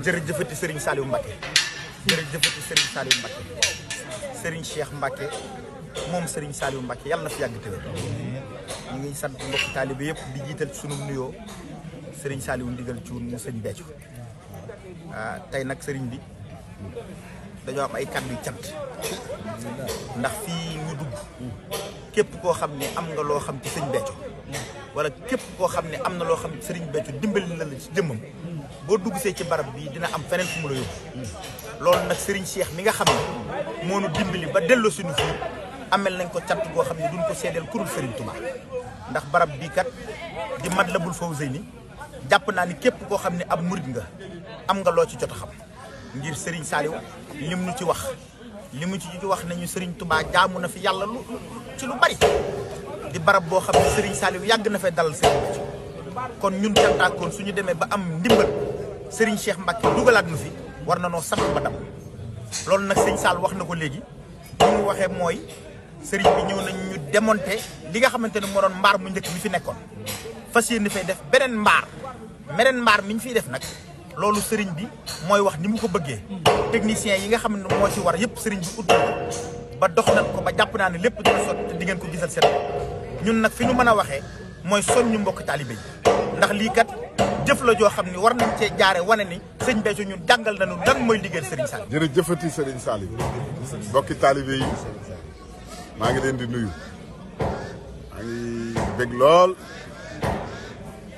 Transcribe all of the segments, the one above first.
jërëjëfati Serigne Saliou Mbacké jërëjëfati Serigne Saliou Mbacké Serigne Cheikh Mbacké moom Serigne Saliou Mbacké yàlla fi yàgg tëwér ñu ngi sant mbokk taalibe yëpp di jiital sunu nuyoo Serigne Saliou ndigal cuun mu sëñ Béthio ah nag sëriñ bi dañoo am ay kàddu cant ndax fii ñu dugg képp koo xam ne am nga loo xam ci sëñ Béthio wala képp koo xam ne am na loo xam ci sëriñ Béthio dimbali na la ci jëmmam boo dugg see ci barab bii dina am feneen fu mu la yóbbu loolu nag sëriñ Cheikh mi nga xam ne moo dimbali ba delloo suñu fii amel nañ ko cant koo xam ne duñ ko seedeel kurul sëriñ Touba ndax barab bii kat di Matlabul Fawzayni jàpp naa ni képp koo xam ne ab murid nga am nga loo ci jot xam ngir Serigne Saliou lim nu ci wax li mu ci wax nañu sëriñ Touba jaamu na fi yàlla lu ci lu bari di barab boo xam ne Serigne Saliou yàgg na fee dalal Serigne ci kon ñun cantaakoon suñu demee ba am ndimbal sëriñ Cheikh Mbacke dugalaat nu fi war na noo sant ba dam loolu nag sëñ Sall wax na ko léegi li mu waxee mooy Serigne bi ñëw nañu demoonte li nga xamante ne moo doon mbaar mu njëkk mi fi nekkoon fas yéen yéene fay def beneen mbaar meneen mbaar mi ñu fiy def nag. loolu sëriñ bi mooy wax ni mu ko bëggee technicien yi nga xam ne moo ci war yëpp sëriñ bi uddal ba dox nañ ko ba jàpp naa ne lépp dina sotti te di ngeen ko gisal seen ñun nag fi ñu mën a waxee mooy ñu mbokk taalibe yi ndax lii kat jëf la joo xam ni war nañ cee jaare wane ni sëñ Béthio ñun jàngal nañu lan mooy liggéeyal sëriñ Saliou jërëjëfati sëriñ Saliou mbokki taalibe yi maa ngi leen di nuyu maa ngi bég lool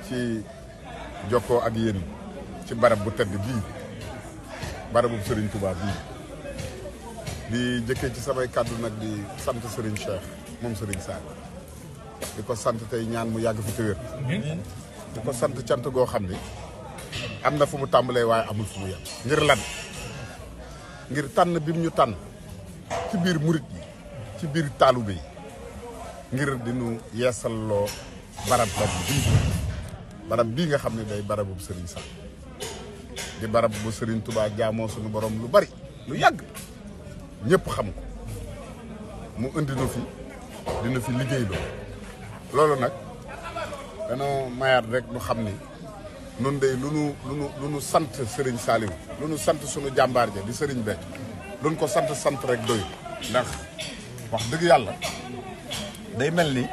ci jokkoo ak yéen ci barab bu tedd bii barabu sëriñ Touba bii di jëkkee ci samay kàddu nag di sant sëriñ Cheikh moom sëriñ Sall di ko sant tey ñaan mu yàgg fi te di ko sant cant goo xam ni am na fu mu tàmbalee waaye amul fu mu yem ngir lan ngir tànn bi mu ñu tànn ci biir murit yi ci biir taalibe bi ngir di nu yeesalloo barab la bii nga xam ne day barabu sëriñ Sall di barab bu Serigne Touba jaamoo suñu boroom lu bari lu yàgg ñëpp xam ko mu indi na fi dina fi liggéey loolu nag danoo mayaat rek ñu xam ni nun day lu nu sant sëriñ Saliou lu nu sant suñu jàmbaar ja di Serigne Bek luñ ko sant sant rek doy ndax wax dëgg yàlla day mel ni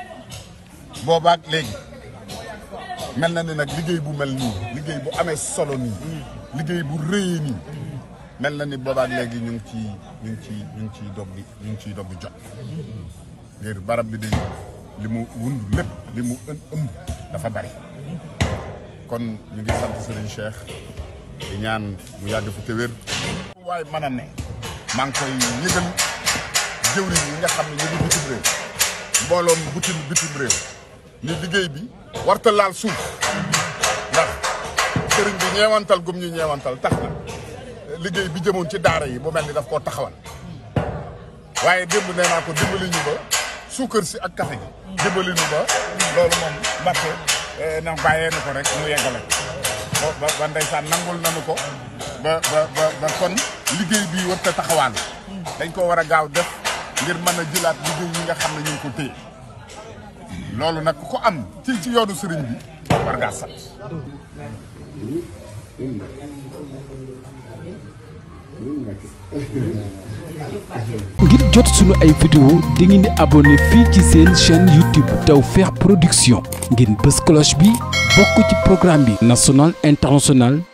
boobaak léegi mel na ni nag liggéey bu mel ni liggéey bu amee solo nii liggéey bu rëyee ni mel na ni boobaak léegi ñu ngi ciy ñu ngi ciy ñu bi ñu ngi ciy dog bi jot ngir barab bi day li mu wund lépp li mu ëmb dafa bari kon ñu ngi sant Serigne Cheikh di ñaan mu yàgg fi te waaye mën a ne maa ngi koy yëgal jëwriñ yi nga xam ne ñu ngi bitim réew mbooloom bitim bitim réew ni liggéey bi warta laal suuf ndax sëriñ bi ñeewantal gum ñu ñeewantal tax na liggéey bi jëmoon ci daara yi bu mel ni daf koo taxawal waaye démb nee ko dimbali ñu ba suukar si ak kafe gi dimbali ba loolu moom Mbacke eh, na bàyyee ko rek mu yeggale ba ba ko ba ba kon liggéey bi warta taxawaan hmm. dañ ko war a gaaw def ngir mën a jëlaat liggéey yi nga xam ne ñu ko téye loolu nag am ci ci yoonu sëriñ ngir jot sunu ay vidéo di ngeen di abonné fii ci seen chaîne YouTube Tawfekh Production ngir bës cloche bi bokk ci programme bi national international